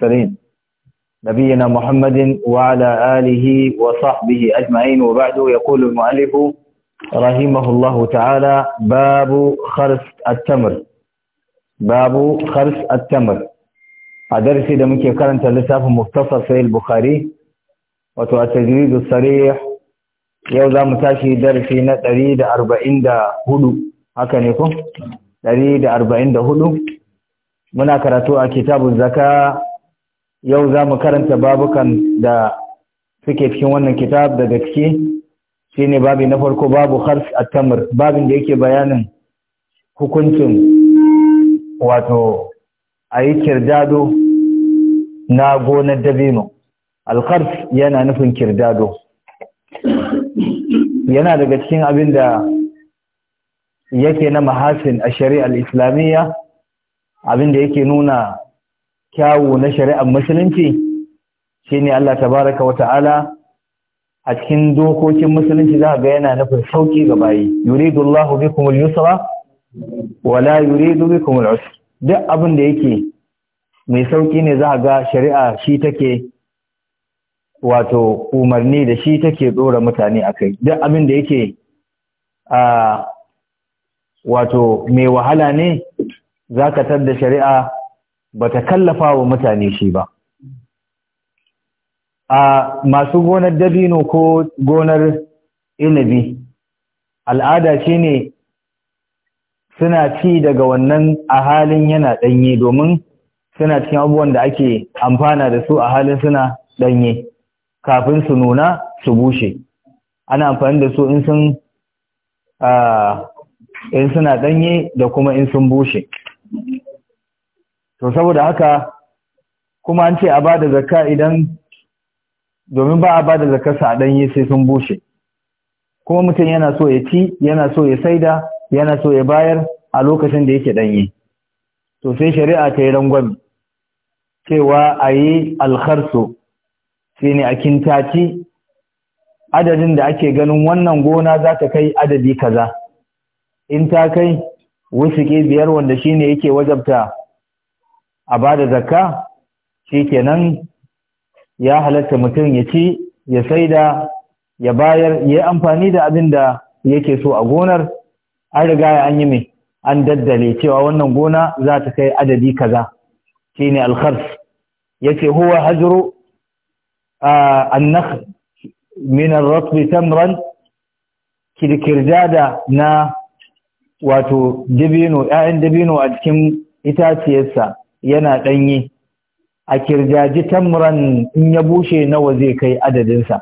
كريم نبينا محمد wa آله وصحبه أجمعين وبعد يقول المؤلف رحمه الله تعالى باب خرس التمر باب خرس التمر a darasi da muke karanta littafin muftasar sai bukhari wato a tajridu sarih yau za mu tashi darasi na 144 haka ne ko 144 muna karatu a kitabu zaka yau za mu karanta babukan da suke cikin wannan kitab daga ciki shi ne babi na farko babu harsh at babin da yake bayanin hukuncin wato a yi kirdado na gonar dabino alkharf yana nufin kirdado yana daga cikin abin da yake na mahasin a shari'ar islamiyya abin da yake nuna kyawu na shari'ar musulunci shine Allah tabaraka wa ta'ala a cikin dokokin musulunci za ga yana nufin sauki ga bayi yuridullahu bikum al-yusra wa la yuridu bikum al-usra duk abin da yake mai sauki ne za ga shari'a shi take wato umarni da shi take dora mutane akai duk abin da yake a wato mai wahala ne za ka tar da shari'a bata kallafa wa mutane shi ba a masu gonar dabino ko gonar inabi al'ada ce ne suna ci daga wannan a halin yana ɗanye domin suna cikin abubuwan da ake amfana da su a halin suna ɗanye kafin su nuna su bushe ana amfani da su in sun in suna ɗanye da kuma in sun bushe to saboda haka kuma an ce a bada zakka idan domin ba a bada zakka sa danye sai sun bushe kuma mutum yana so ya ci yana so ya saida yana so ya bayar a lokacin da yake danye to sai shari'a ta yi rangwami cewa a yi alkharsu shi ne a kintaci adadin da ake ganin wannan gona za ta kai adadi kaza in ta kai wusuke biyar wanda shi ne yake wajabta a bada da zakka shikenan ya halatta mutum ya ci ya saida ya bayar ya yi amfani da abin da yake so a gonar an riga an yi mai an daddale cewa wannan gona za ta kai adadi kaza shine alkhars Ya yace huwa hajru an-nakhl min ar-ratb tamran kirkirjada na wato dabino 'ya'yan dabino a cikin itaciyarsa yana ɗanye a kirjaji tamran in ya bushe nawa zai kai adadinsa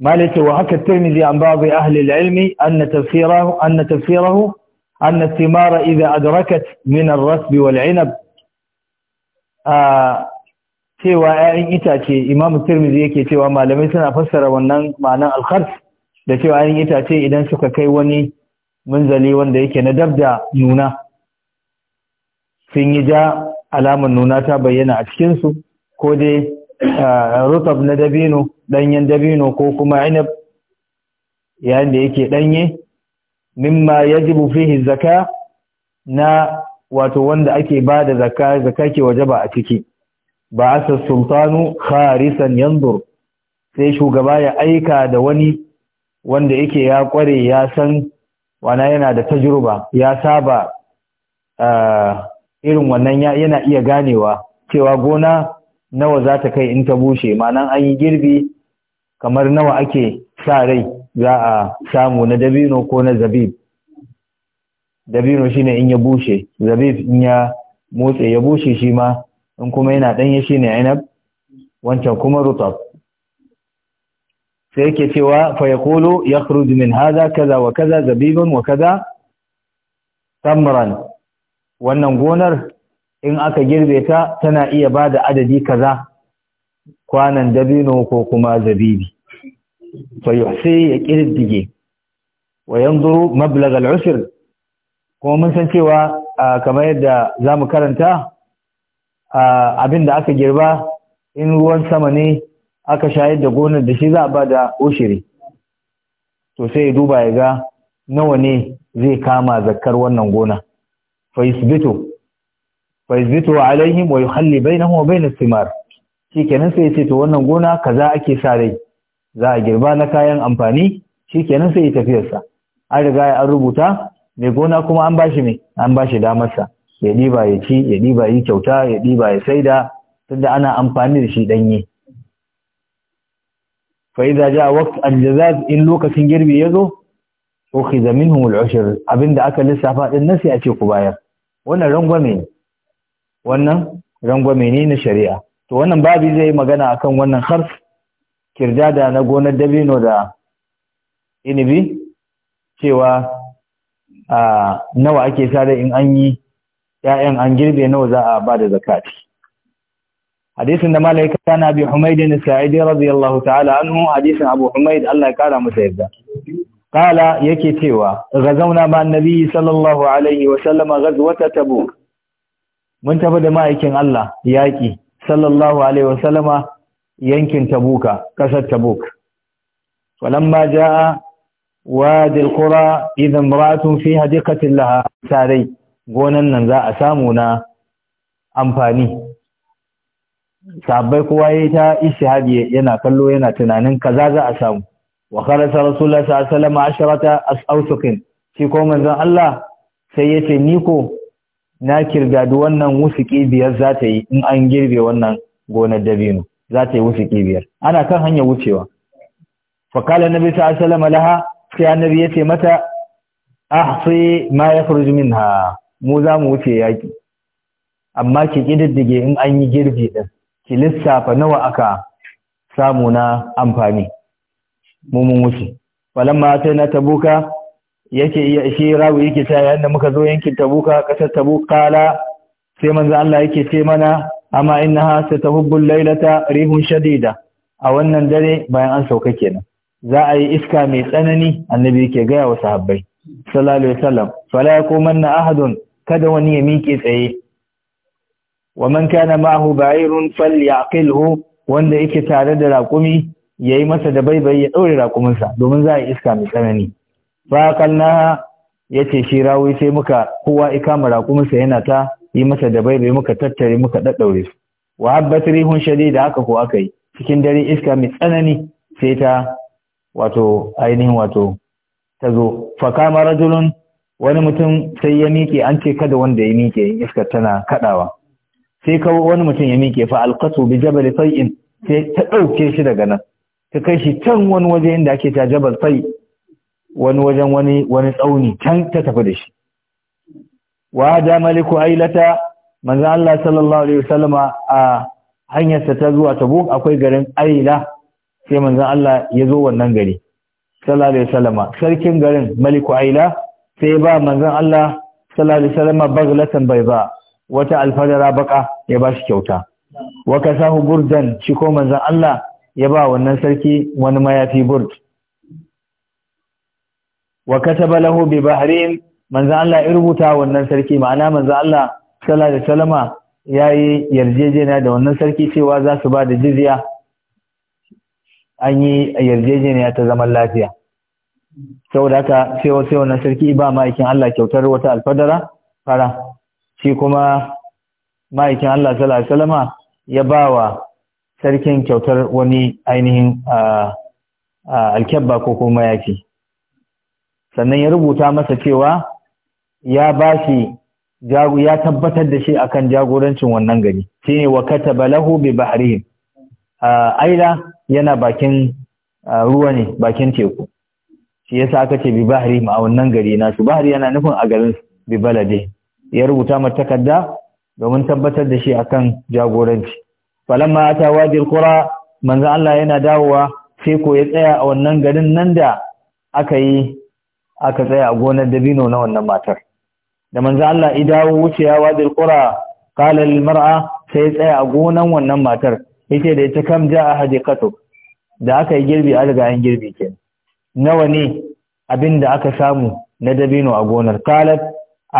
malaka wa haka tirmizi an ba'd ahli ilmi ilm anna tafsirahu anna tafsirahu anna thimara idha adrakat min ar wal-'inab a cewa 'ya'yan itace imamu tirmizi yake cewa malamai suna fassara wannan ma'anan al da cewa 'ya'yan itace idan suka kai wani munzali wanda yake na da nuna sun yi ja alamar nuna ta bayyana a cikinsu ko dai rutab na dabino ɗanyen dabino ko kuma inab yayin da yake ɗanye mimma yajibu fihi zaka na wato wanda ake ba da zaka zaka ke waje ba a ciki ba a sultanu kharisan yanzur sai shugaba ya aika da wani wanda yake ya kware ya san wana yana da tajruba ya saba irin wannan yana iya ganewa cewa gona nawa za ta kai in ta bushe ma'anan an yi girbi kamar nawa ake sa rai za a samu na dabino ko na zabib dabino shine in ya bushe zabib in ya motsa ya bushe shi ma in kuma yana ɗanye shine inab wancan kuma rutab sai yake cewa fa yaqulu yakhruju min haza, kaza wa kaza zabibun wa kaza tamran wannan gonar in aka girbe ta tana iya ba da adadi kaza kwanan dabino ko kuma zabibi fa yuhsi ya kirdige wa yanzuru mablag al kuma mun san cewa kamar yadda zamu karanta abin da aka girba in ruwan sama ne aka shayar da gonar da shi za a ba da ushiri to sai ya duba ya ga nawa ne zai kama zakkar wannan gona fa yusbitu fa alaihim wa yuhalli bainahum wa Simar. shikenan sai yace to wannan gona kaza ake sa rai za a girba na kayan amfani shikenan sai ya tafiyar sa an riga an rubuta mai gona kuma an bashi me an bashi damar sa ya diba ya ci ya diba yi kyauta ya diba ya saida tunda ana amfani da shi danye fa idza jaa waqt al-jazaz in lokacin girbi yazo ukhiza minhum al-ushr abinda aka lissafa din nasi sai a ce ku bayar wannan rangwame ne wannan rangwame ne na shari'a to wannan babi zai yi magana akan wannan harf da na gonar dabino da inibi cewa a nawa ake sare in an yi ‘ya'yan an girbe nawa za a ba da zakati. Hadisin da malaika na bi Humaidin Sa'idi radiyallahu ta'ala anhu hadisin Abu Humaid Allah ya kara masa yarda. kala yake cewa zauna ma annabi sallallahu alaihi wa sallama ghazwata mun tafi da ma'aikin Allah yaƙi, sallallahu alaihi wa yankin tabuka kasar tabuk walamma jaa wadi alqura idan imra'atun fi hadiqatin laha sarai gonan nan za a samu na amfani sabai kowa yayi ta ishihadi yana kallo yana tunanin kaza za a samu wa kharasa rasulullahi sallallahu alaihi asharata asawsukin shi ko manzon Allah sai yace ni ko na kirga duk wannan wusuki biyar za ta yi in an girbe wannan gonar dabino za ta yi wusuki biyar ana kan hanyar wucewa fa kala nabi sallallahu alaihi laha sai annabi yace mata ahsi ma yakhruju minha mu za mu wuce yaki amma ki kididdige in an yi girbi din ki lissafa nawa aka samu na amfani mu mun wuce falamma sai na tabuka yake iya shi rawi yake ta yayin da muka zo yankin tabuka kasar tabuka la sai manzo Allah yake ce mana amma innaha satahubbu Lailata rihun shadida a wannan dare bayan an sauka kenan za a yi iska mai tsanani annabi yake gaya wa sahabbai sallallahu alaihi wasallam fala yakumanna ahadun kada wani ya miƙe tsaye wa man kana ma'ahu ba'irun falyaqilhu wanda yake tare da raƙumi ya yi masa da baibai ya ɗaure raƙuminsa domin za a yi iska mai tsanani kalla ya ce shi rawi sai muka kowa ikama raƙuminsa yana ta yi masa da baibai muka tattare muka ɗaɗɗaure su wa habbat rihun da haka ko aka yi cikin dare iska mai tsanani sai ta wato ainihin wato ta zo fakama rajulun wani mutum sai ya miƙe an ce kada wanda ya miƙe iskar tana kaɗawa. sai kawo wani mutum ya miƙe fa alqatu bi jabal fai'in sai ta ɗauke shi daga nan ka kai shi can wani waje inda ake ta jabal sai wani wajen wani wani tsauni can ta tafi da shi wa da maliku ailata manzo Allah sallallahu alaihi wasallama a hanyarsa ta zuwa Tabuk akwai garin Aila sai manzo Allah ya zo wannan gari sallallahu alaihi wasallama sarkin garin maliku Aila sai ba manzo Allah sallallahu alaihi wasallama baglatan bayza wata alfadara baka ya ba shi kyauta wa kasahu burdan shi ko manzo Allah ya ba wannan sarki wani mayafi burj wa kataba lahu bi bahrin manzo Allah ya rubuta wannan sarki ma'ana manzo Allah sallallahu alaihi wasallama yayi yarjejeniya da wannan sarki cewa za su ba da jizya an yi yarjejeniya ta zaman lafiya saboda haka sai wasu wannan sarki ba ma'aikin Allah kyautar wata alfadara fara shi kuma ma'aikin Allah sallallahu alaihi wasallama ya bawa sarkin kyautar wani ainihin alkyabba ko kuma yaki sannan ya rubuta masa cewa ya ba shi ya tabbatar da shi akan jagorancin wannan gari Shi ne wa kataba lahu bi bahrihim aila yana bakin ruwa ne bakin teku shi yasa aka ce bi bahri a wannan gari nasu bahri yana nufin a garin bi balade ya rubuta mata takarda domin tabbatar da shi akan jagoranci falamma ata wadil qura manzo Allah yana dawowa sai ko ya tsaya a wannan garin nan da aka yi aka tsaya a gonar dabino na wannan matar da manzo Allah ya dawo wucewa wadil qura qala lil mar'a sai ya tsaya a gonar wannan matar yace da ita kam jaa hadiqatu da aka yi girbi a riga an girbi kenan nawa ne abin da aka samu na dabino a gonar qalat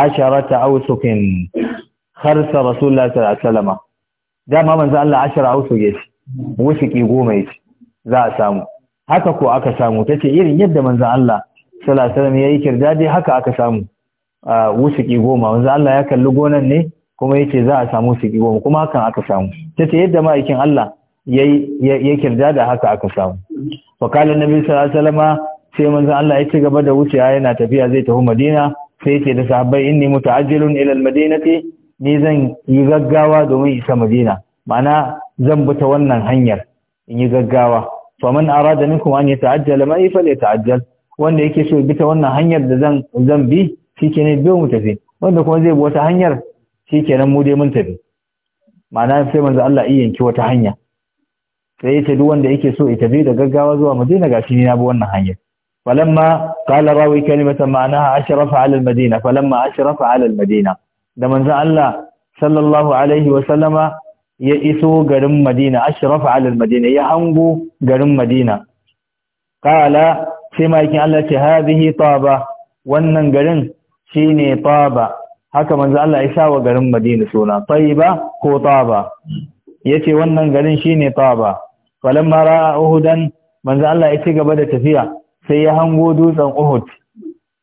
asharata awsukin kharsa rasulullah sallallahu dama manzo Allah ashara usu yace wushiki goma yace za a samu haka ko aka samu tace irin yadda manzo Allah sallallahu alaihi wasallam yayi kirdadi haka aka samu wushiki goma manzo Allah ya kalli gonan ne kuma yace za a samu wushiki goma kuma hakan aka samu tace yadda ma'aikin Allah yayi ya kirdada haka aka samu wa kala nabi sallallahu alaihi wasallam sai manzo Allah ya ci gaba da wucewa yana tafiya zai tafi Madina sai yace da sahabbai inni muta'ajjilun ila al-madinati ni zan yi gaggawa domin isa madina ma'ana zan bi ta wannan hanyar in yi gaggawa to man arada minkum an yata'ajjal ma fa yata'ajjal wanda yake so bi ta wannan hanyar da zan zan bi shikenan biyo mu tafi wanda kuma zai bi wata hanyar shikenan mu dai mun tafi ma'ana sai manzo Allah iya yanki wata hanya sai yace duk wanda yake so ya tafi da gaggawa zuwa Madina gashi ni na bi wannan hanyar falamma qala rawi kalimatan ma'anaha ashrafa 'ala al-madina falamma ashrafa 'ala al-madina da manzan Allah sallallahu alaihi wa ya iso garin Madina ashraf ala madina ya hango garin Madina Kala sai makin Allah ce hadhihi taba wannan garin ne taba haka manzan Allah ya wa garin Madina suna tayyiba ko taba yace wannan garin shine taba falamma ra'a uhudan manzan Allah ya ci gaba da tafiya sai ya hango dutsen Uhud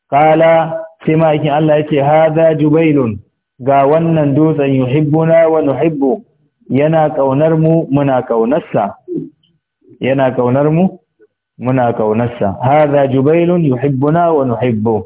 Kala sai makin Allah yace haza jubailun ga wannan dutsen yuhibbuna wa nuhibbu yana kaunar mu muna kaunarsa yana kaunar mu muna kaunarsa hadha jubailun yuhibbuna wa nuhibbu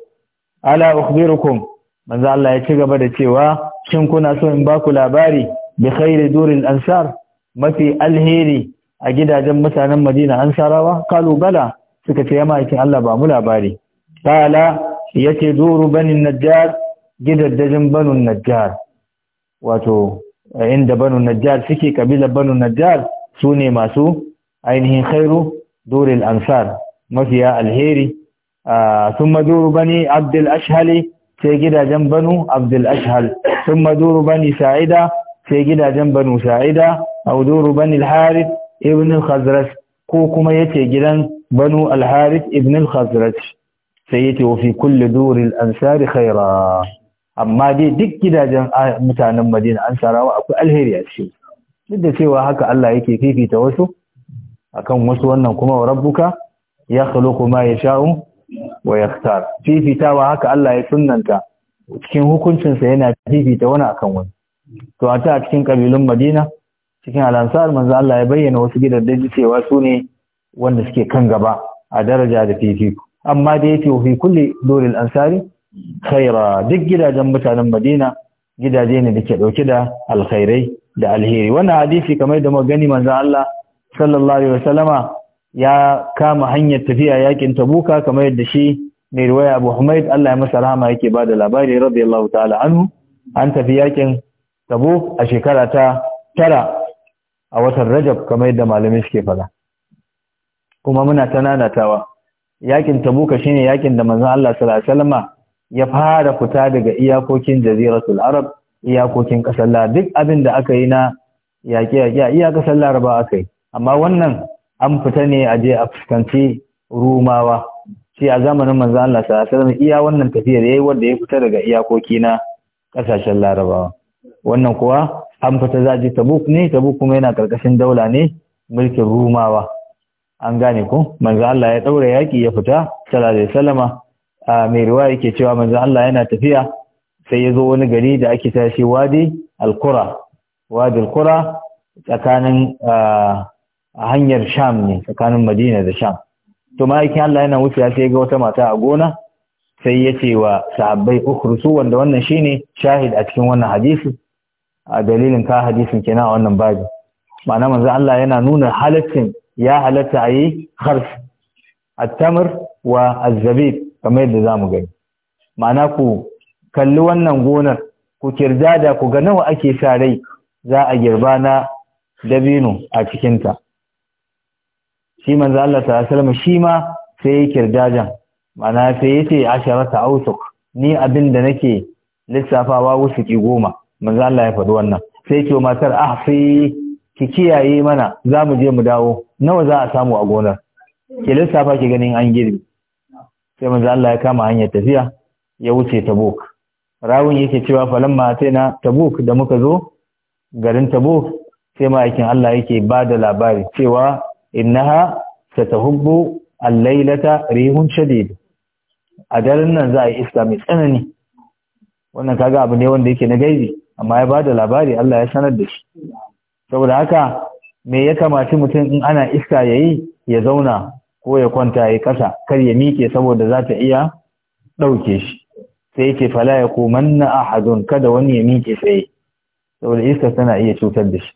ala ukhbirukum manzo Allah ya ci gaba da cewa shin kuna so in baku labari bi khairi duril ansar mafi alheri a gidajen mutanen Madina ansarawa kalu bala suka ce ya ma'aikin Allah ba mu labari qala yace duru banin najjar gidaddajin banu najjar wato eh, inda banu najjar suke kabilar banu najjar su ne masu ainihin khairu duril ansar mafiya alheri sun ah, maduru bani abdul ashhali sai gidajen banu abdul ashhal sun maduru bani sa'ida sai gidajen banu sa'ida auduru bani Alharif, ibn al ko kuma yace gidan banu Alharif ibn al sai yace wa fi kulli duril ansar khaira amma dai duk gidajen mutanen madina an sarawa akwai alheri a cikin duk da cewa haka Allah yake fifita wasu akan wasu wannan kuma wa rabbuka ya khuluqu ma yasha'u wa yaktar fifitawa haka Allah ya sunnanta cikin hukuncinsa yana fifita wani akan wani to a ta cikin kabilun Madina cikin al-ansar manzo Allah ya bayyana wasu gidajen cewa su ne wanda suke kan gaba a daraja da fifiko amma dai yake fi kulli dole al-ansari khaira duk gidajen mutanen madina gidaje ne da ke ɗauke da alkhairai da alheri wannan hadisi kamar da magani manzan Allah sallallahu alaihi wasallama ya kama hanyar tafiya yakin tabuka kamar yadda shi mai riwaya abu humaid Allah ya masa rahama yake ba da labari radiyallahu ta'ala anhu an tafi yakin tabuk a shekara ta tara a watan rajab kamar yadda malamai suke faɗa. kuma muna ta nanatawa yakin tabuka shine yakin da manzon Allah sallallahu alaihi wasallama ya fara fita daga iyakokin jaziratul arab iyakokin kasar duk abin da aka yi na yaƙe-yaƙe a iya kasar laraba aka yi amma wannan an fita ne a je a fuskanci rumawa shi a zamanin manzo Allah sallallahu alaihi iya wannan tafiyar yayi wanda ya fita daga iyakoki na kasashen larabawa wannan kuwa an fita zaji tabuk ne tabuk kuma yana karkashin daula ne mulkin rumawa an gane ko manzo Allah ya daura yaki ya fita sallallahu alaihi mai riwaya yake cewa manzo Allah yana tafiya sai ya zo wani gari da ake tashi wadi al-qura wadi al tsakanin hanyar sham ne tsakanin madina da sham to ma'aikin Allah yana wuce sai ga wata mata a gona sai ya ce wa sahabbai ukhrusu wanda wannan shine shahid a cikin wannan hadisi a dalilin ka hadisin kina a wannan babi ma'ana manzo Allah yana nuna halaccin ya halatta ayi kharf at-tamr wa az-zabib kamar yadda za mu gani ma'ana ku kalli wannan gonar ku da ku ga nawa ake sa rai za a girba na dabino a cikinta shi manzo Allah ta salama shi ma sai ya jan. ma'ana sai ya ce asharata ausuk ni abin da nake lissafawa wasu ki goma manzo Allah ya faɗi wannan sai ce matar a sai ki kiyaye mana za mu je mu dawo nawa za a samu a gonar ki lissafa ki ganin an girbi sai manzo Allah ya kama hanyar tafiya ya wuce Tabuk rawun yake cewa falamma na Tabuk da muka zo garin Tabuk sai ma'aikin Allah yake ba da labari cewa innaha satahubbu al-lailata rihun shadid a daren nan za a yi iska mai tsanani wannan kaga abu ne wanda yake na gaibi amma ya bada labari Allah ya sanar da shi saboda haka me ya kamaci mutum in ana iska yayi ya zauna ko ya kwanta ya ƙasa, kar ya miƙe saboda za ta iya ɗauke shi sai yake fala ya a ahadun kada wani ya miƙe tsaye saboda iska tana iya cutar da shi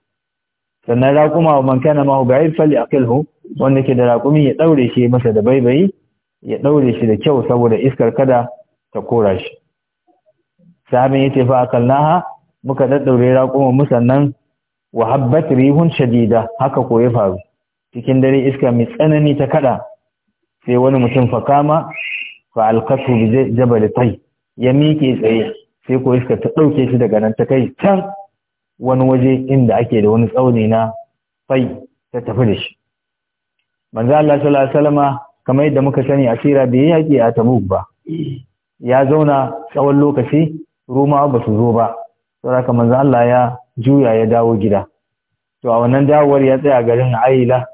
sannan raƙuma wa man kana mahu ba'ir fali aqilhu wanda ke da raƙumi ya ɗaure shi masa da baibayi ya ɗaure shi da kyau saboda iskar kada ta kora shi sahabin yake fa akalnaha muka daddaure raƙuma mu sannan wa habbat rihun shadida haka ko ya faru cikin dare iska mai tsanani ta kada sai wani mutum fa kama fa alqatu bi jabal tay ya miƙe tsaye sai ko iska ta dauke shi daga nan ta kai can wani waje inda ake da wani tsauni na fai ta tafi da shi manzo Allah sallallahu alaihi wasallama kamar yadda muka sani a sira bai yaki a Tabuk ba ya zauna tsawon lokaci Roma ba su zo ba saboda manzo Allah ya juya ya dawo gida to a wannan dawowar ya tsaya garin Aila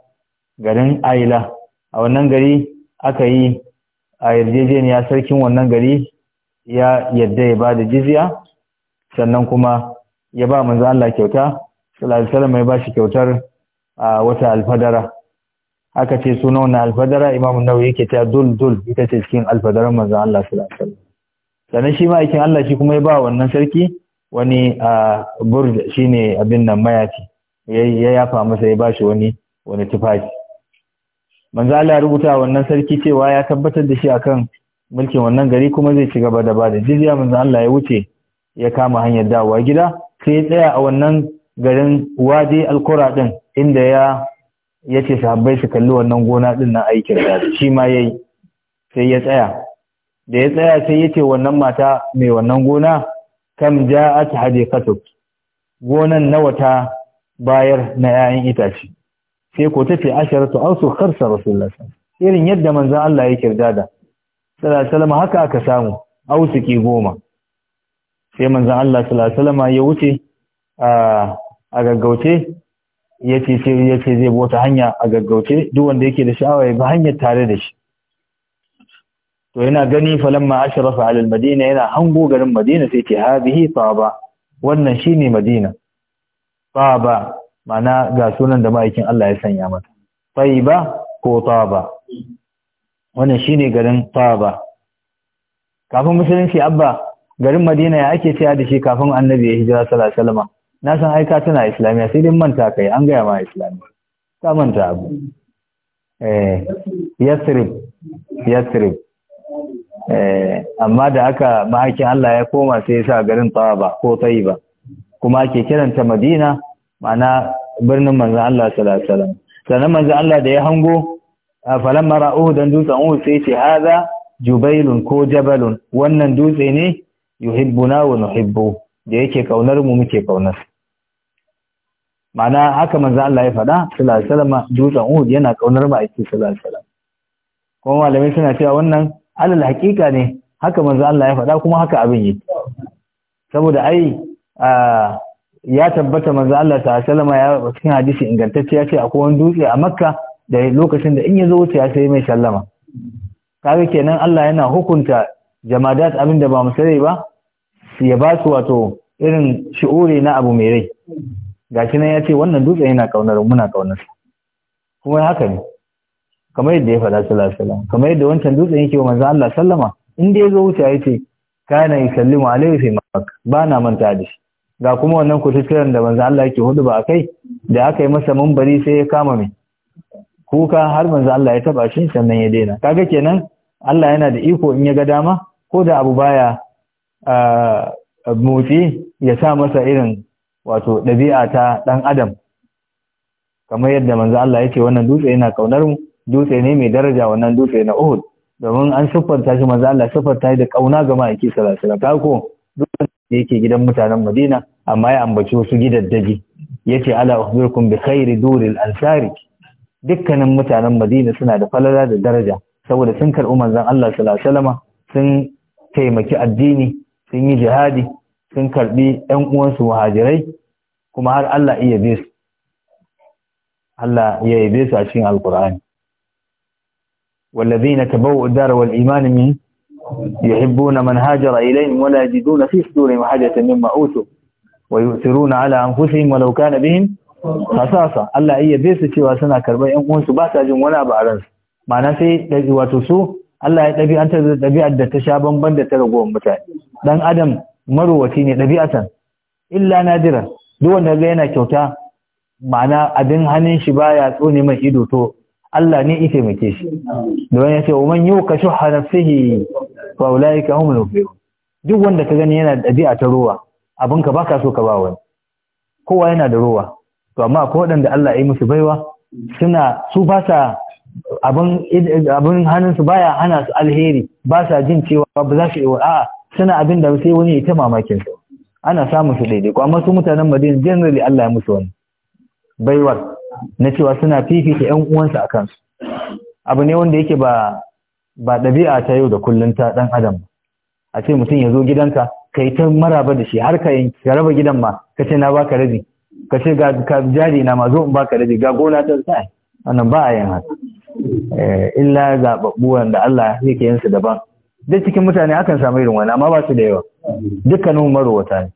garin aila a wannan gari aka yi a yarjejeniya sarkin wannan gari ya yadda ya ba da jizya sannan kuma ya ba manzo Allah kyauta sallallahu alaihi wasallam ya ba shi kyautar a wata alfadara aka ce suna wannan alfadara imamu nawawi yake ta dul dul ita ce cikin alfadaran manzo Allah sallallahu alaihi wasallam sannan shi ma aikin Allah shi kuma ya ba wannan sarki wani a burj shine abin nan mayafi ya yafa masa ya bashi wani wani tufafi manzo Allah rubuta wannan sarki cewa ya tabbatar da shi akan mulkin wannan gari kuma zai ci gaba da bada jizya manzo Allah ya wuce ya kama hanyar dawowa gida sai ya tsaya a wannan garin wadi Al-Qura din inda ya yace sahabbai su kalli wannan gona din na aikin da shi ma yayi sai ya tsaya da ya tsaya sai yace wannan mata mai wannan gona kam ja'at hadiqatuk gonan nawa ta bayar na 'ya'yan itace sai ko tafi asharatu ausu kharsa rasulullah irin yadda manzan Allah ya kirda da sallallahu haka aka samu ausu ki goma sai manzan Allah sallallahu alaihi wasallam ya wuce a gaggauce ya sai ce zai bi wata hanya a gaggauce duk wanda yake da sha'awa ya bi hanyar tare da shi to yana gani falamma ashrafa ala almadina yana hango garin madina sai ce hadhihi ba, wannan shine madina ba. ma'ana ga sunan da ma'aikin Allah ya sanya mata ba ko ba, wannan ne garin ba. kafin musulunci abba garin madina ya ake cewa da shi kafin annabi ya hijira sallallahu alaihi wasallam na san aika tana islamiya sai dai manta kai an gaya ma islamiya ta manta abu eh yasrib yasrib eh amma da aka ma'aikin Allah ya koma sai ya sa garin ba ko taiba kuma ake kiranta madina ma'ana birnin manzan Allah sallallahu alaihi wasallam sannan manzan Allah da ya hango mara Uhu dan dutsen uhu sai ce haza jubailun ko jabalun wannan dutse ne yuhibbuna wa nuhibbu da yake kaunar mu muke kaunar ma'ana haka manzan Allah ya faɗa sallallahu alaihi wasallam dutsen uhu yana kaunar mu a cikin sallallahu kuma malamai suna cewa wannan alal hakika ne haka manzan Allah ya faɗa kuma haka abin yi saboda ai ya tabbata manzo Allah ta sallama ya cikin hadisi ingantacce ya ce akwai wani dutse a Makka da lokacin da in ya zo wuce ya sai mai sallama kaga kenan Allah yana hukunta jama'at abin da ba mu sani ba ya ba su wato irin shi'uri na abu mai rai gashi nan ya ce wannan dutse yana kaunar muna kaunar kuma haka ne kamar yadda ya faɗa sallallahu alaihi wasallam kamar yadda wancan dutsen yake wa manzo Allah sallama in dai ya zo wuce ya ce kana yusallimu alaihi fi makka ba na manta da shi ga kuma wannan kutuskiran da manzo Allah yake hudu ba kai da aka yi masa mambari sai ya kama mai kuka har manzo Allah ya taba shi sannan ya daina kaga kenan Allah yana da iko in ya ga dama ko da abu baya motsi ya sa masa irin wato ɗabi'a ta ɗan adam kamar yadda manzo Allah yake wannan dutse yana kaunar mu dutse ne mai daraja wannan dutse na Uhud domin an siffanta shi manzo Allah siffanta da kauna ga ma'aiki sallallahu alaihi wasallam da yake gidan mutanen Madina amma ya ambaci wasu gidaddaji yace ala ukhbirukum bi khairi duril ansari dukkanin mutanen Madina suna da falala da daraja saboda sun karɓi manzon Allah sallallahu alaihi wasallam sun taimaki addini sun yi jihadi sun karɓi ɗan uwansu muhajirai kuma har Allah iya yabe su Allah ya yabe su a cikin alqur'ani والذين تبوؤوا الدار والإيمان من يحبون من هاجر إليهم ولا يجدون في صدورهم حاجة مما أوتوا ويؤثرون على أنفسهم ولو كان بهم خصاصة Allah iya bai su cewa suna karɓar 'yan uwansu ba sa jin wani abu a ransu ma'ana sai daji wato su Allah ya ɗabi'antar da ɗabi'ar da ta sha bamban da ta ragowar mutane dan adam marowaci ne ɗabi'atan illa nadira duk wanda ga yana kyauta ma'ana abin hannun shi baya tsone mai ido to Allah ne ya taimake shi don ya ce wa man yuka shuha nafsihi faulaika hum al muflihun duk wanda ka gani yana da ɗabi'a ta ruwa abin ka baka so ka ba wani kowa yana da ruwa to amma akwai wadanda Allah ya yi musu baiwa suna su ba sa abin abin hannun su baya hana su alheri ba sa jin cewa ba za su yi a'a suna abin da sai wani ya ta mamakin su ana samun su daidai amma su mutanen Madina generally Allah ya musu wani baiwar na cewa suna fifita ƴan uwansu akan su abu ne wanda yake ba ba ɗabi'a ta yau da kullum ta ɗan adam a ce mutum ya zo gidanka ka yi ta maraba da shi har ka yanki ka raba gidan ma ka ce na baka rabi ka ce ga jari na ma zo in baka rabi ga gona ta sa wannan ba a yin haka eh, illa zaɓaɓɓu wanda Allah zai ke yinsu daban duk cikin mutane akan samu irin wani amma ba su da yawa dukkanin marowata ne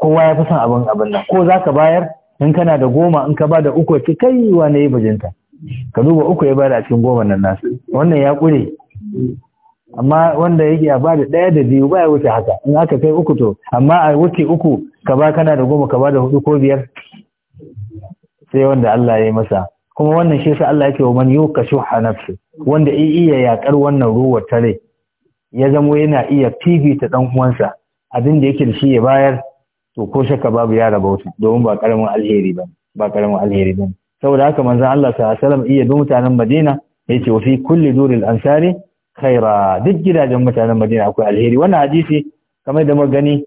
kowa ya fi son abin abin nan ko za ka bayar in kana da goma in ka ba da uku ki kai na yi bajinta ka duba uku ya bayar a cikin goma nan nasu wannan ya kure amma wanda yake a ba da ɗaya da biyu ba ya wuce haka in aka kai uku to amma a wuce uku ka ba kana da goma ka ba da hudu ko biyar sai wanda Allah ya yi masa kuma wannan shi yasa Allah yake wa man ka shuha fi. wanda ya iya yakar wannan ruwan tare ya zamo yana iya ta dan uwansa abin da yake da shi ya bayar to ko shakka babu ya raba wuta domin ba karamin alheri ba ba karamin alheri ba saboda haka manzan Allah sallallahu iya bi mutanen Madina yace wa fi kulli duril ansari khaira duk gidajen mutanen Madina akwai alheri wannan hadisi kamar da muka gani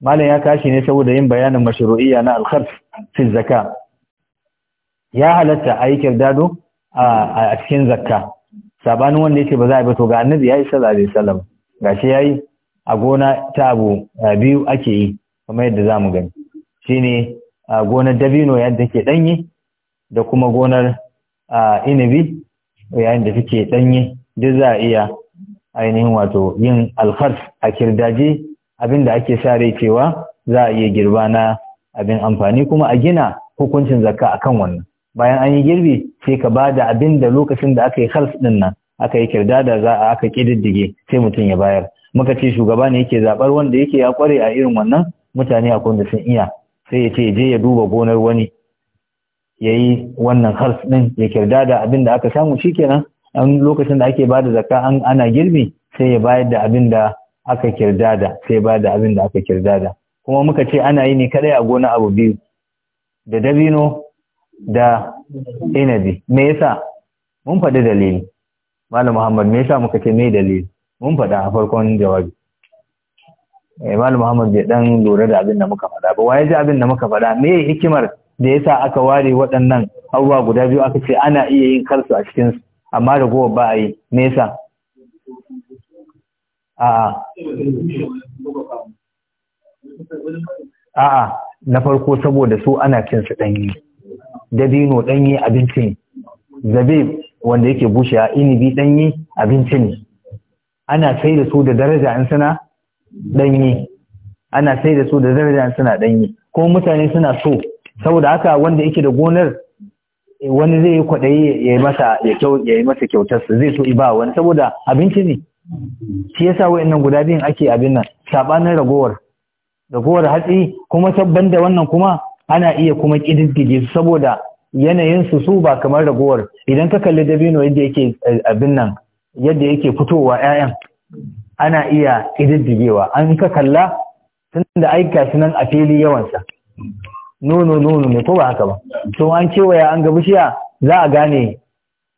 malam ya kashi ne saboda yin bayanin mashru'iyya na al-kharf fi zakka ya halatta a yi kirdado a cikin zakka sabanin wanda yake ba za a ba to ga annabi yayi sallallahu alaihi wasallam gashi yayi a gona ta abu biyu ake yi kamar yadda zamu gani shine gonar dabino yadda ke danyi da kuma gonar a inibi yayin da suke ɗanye duk za a iya ainihin wato yin alfars a kirdaji abin da ake sa rai cewa za a iya girba na abin amfani kuma a gina hukuncin zakka a kan wannan bayan an yi girbi sai ka ba da abin da lokacin da aka yi hals din nan aka yi da za a aka kididdige sai mutum ya bayar muka ce shugaba ne yake zabar wanda yake ya kware a irin wannan mutane akwai da sun iya sai ya ce je ya duba gonar wani ya yi wannan hars ɗin ya kirda da abin da aka samu shi kenan an lokacin da ake bada zakka an ana girbi sai ya bayar da abin da aka kirda da sai bayar da abin da aka kirda da kuma muka ce ana yi ne kadai a gona abu biyu da dabino da inabi me yasa mun faɗi dalili malam muhammad me yasa muka ce me dalili mun faɗa a farkon jawabi eh, Malam Muhammad bai dan lura da abin da muka faɗa ba waye ji abin da muka faɗa me hikimar da yasa aka ware waɗannan abubuwa guda biyu aka ce ana iya yin karsu a cikinsu amma gowa ba a yi nesa a'a a'a na farko saboda su ana cin su ɗanyi dabino ɗanyi abinci ne zabib wanda yake bushewa inibi ɗanyi abinci ne ana sai da su da daraja in suna ɗanyi ana sai da su da daraja in suna ɗanyi ko mutane suna so saboda haka wanda yake da gonar eh, wani zai yi kwaɗayi ya yi masa ya kyau yi masa kyautarsa zai so ba wani saboda abinci ne shi yasa wayannan guda biyun ake abin nan sabanin ragowar ragowar hatsi kuma tabban da wannan kuma ana iya kuma ƙididdige su saboda yanayin su su ba kamar ragowar idan ka kalli dabino yadda yake eh, abin nan yadda yake fitowa ƴaƴan ana iya ƙididdigewa an ka kalla tun da aika shi nan a fili yawansa nono nono ne ko ba haka ba to an kewaya an ga bishiya za a gane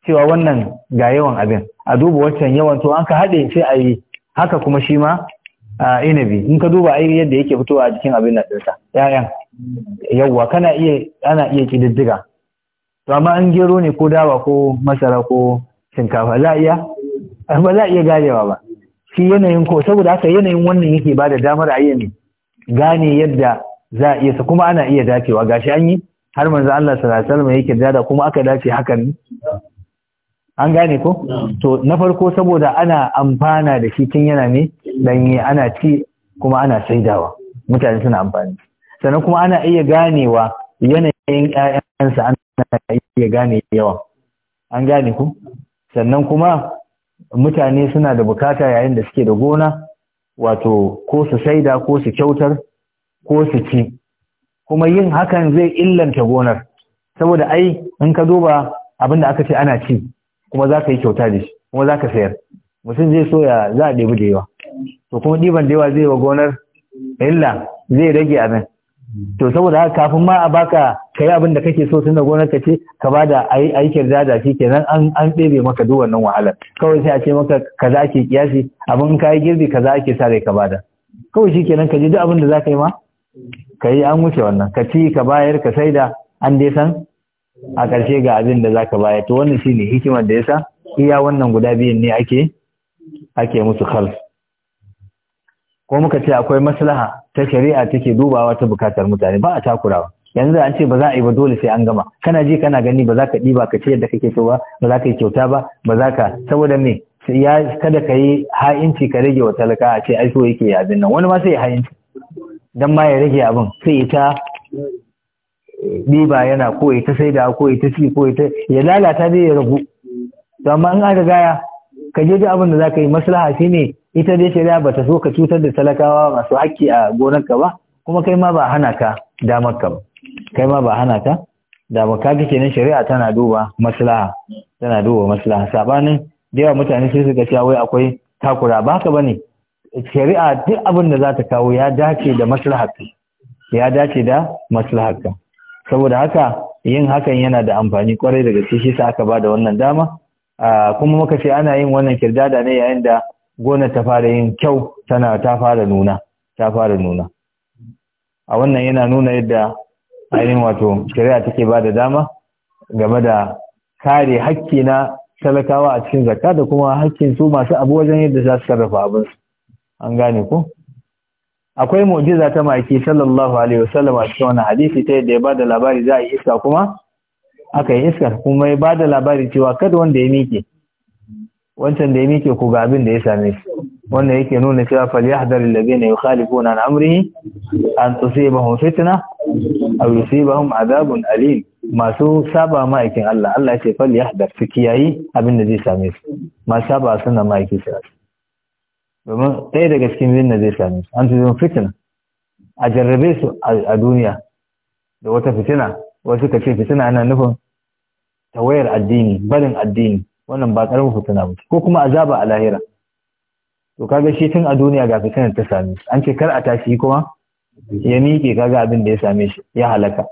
cewa wannan ga yawan abin a duba waccan yawan to an ka haɗe sai a yi haka kuma shi ma a inabi in ka duba ai yadda yake fitowa a jikin abin na ɗinsa ƴaƴan yawwa kana iya ana iya ƙididdiga to amma an gero ne ko dawa ko masara ko shinkafa za a iya ba za a iya ganewa ba shi yanayin ko saboda haka yanayin wannan yake ba da damar a iya gane yadda za a iya sa kuma ana iya dacewa gashi an yi har manzo Allah sallallahu alaihi wasallam yake dada kuma aka dace hakan an gane ko to na farko saboda ana amfana da shi tun yana ne danye ana ci kuma ana saidawa mutane suna amfani sannan kuma ana iya ganewa yanayin ƴaƴansa ana iya gane yawa an gane ku sannan kuma mutane suna da bukata yayin da suke da gona wato ko su saida ko su kyautar ko su ci kuma yin hakan zai illanta gonar saboda ai in ka duba abin da aka ce ana ci kuma za ka yi kyauta da shi kuma za ka sayar mutum zai so ya za a ɗebi da yawa to kuma ɗiban da yawa zai wa gonar illa zai rage abin to saboda haka kafin ma a baka ka yi abin da kake so tun da gonar ka ce ka ba da aikin zada shi kenan an an ɗebe maka duk wannan wahalar kawai sai a ce maka kaza ake kiyasi abin ka yi girbi kaza ake sa rai ka bada kawai shi kenan ka je duk abin da za ka yi ma ka yi an wuce wannan ka ci ka bayar ka saida an dai san a ƙarshe ga abin da za ka bayar to wannan shine hikimar da yasa iya wannan guda biyun ne ake ake musu khalf ko muka ce akwai maslaha ta shari'a take dubawa ta bukatar mutane ba a takurawa yanzu an ce ba za a yi ba dole sai an gama kana ji kana gani ba za ka ɗiba ka ce yadda kake so ba ba za ka yi kyauta ba ba za ka saboda me ya kada ka yi ha'inci ka rage wa talaka a ce ai so yake abin nan wani ma sai ya ha'inci don ma ya rage abin sai ita ɗiba yana ko ita sai da ko ita ci ko ita ya lalata zai ya ragu to amma in an ya ka je abin da zaka yi maslaha shi ne ita dai shari'a ba ta so ka cutar da talakawa masu haƙƙi a ka ba kuma kai ma ba hana ka damar ka ba kai ma ba hana ka da ba kaji kenan shari'a tana duba maslaha tana duba maslaha sabanin da yawa mutane sai suka cewa wai akwai takura ba haka bane shari'a duk abin da za ta kawo ya dace da maslaharka ya dace da maslaharka saboda haka yin hakan yana da amfani kwarai daga shi sa aka ba da wannan dama kuma muka ce ana yin wannan kirdada ne yayin da gona ta fara yin kyau tana ta fara nuna ta fara nuna a wannan yana nuna yadda ainihin wato shari'a take ba da dama game da kare hakki na talakawa a cikin zakka da kuma hakkin su masu abu wajen yadda za su sarrafa abinsu an gane ko akwai mu'jiza ta maki sallallahu alaihi wasallam a cikin wannan hadisi ta yadda ya bada labari za a yi iska kuma aka yi iska. kuma ya bada labari cewa kada wanda ya mike wancan da ya mike ku ga abin da ya same shi wannan yake nuna cewa falyahdhar alladhina yukhalifuna an amrihi an tusibahum fitna aw yusibahum adhabun alim masu saba ma'aikin Allah Allah ya ce falyahdhar su kiyayi abin da zai same su masu saba suna ma'aikin shi domin ɗaya daga cikin bin na zai same su an tuzon fitina a jarrabe su a duniya da wata fitina wasu ka ce fitina ana nufin tawayar addini barin addini wannan ba ƙaramin fitina ba ko kuma azaba a lahira to kaga shi tun a duniya ga fitina ta same su. an ce kar a tashi kuma ya miƙe kaga abin da ya same shi ya halaka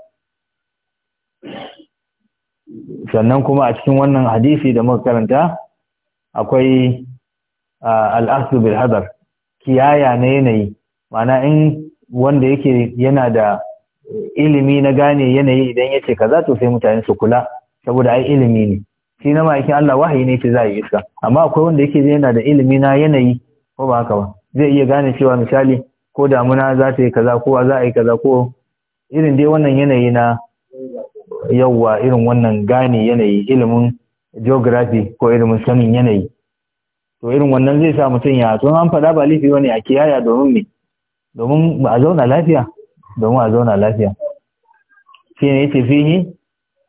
sannan kuma a cikin wannan hadisi da muka karanta akwai al'asu bil hadar kiyaya na yanayi ma'ana in wanda yake yana da ilimi na gane yanayi idan yace kaza to sai mutane su kula saboda ai ilimi ne shi na ma'aikin Allah wahayi ne ce za yi iska amma akwai wanda yake yana da ilimi na yanayi ko ba haka ba zai iya gane cewa misali ko damuna za ta yi kaza ko za a yi kaza ko irin dai wannan yanayi na yawwa irin wannan gane yanayi ilimin geography ko ilimin sanin yanayi to irin wannan zai sa mutum ya tun an faɗa ba laifi wani a kiyaya domin me domin ba a zauna lafiya domin a zauna lafiya shi ne yace fihi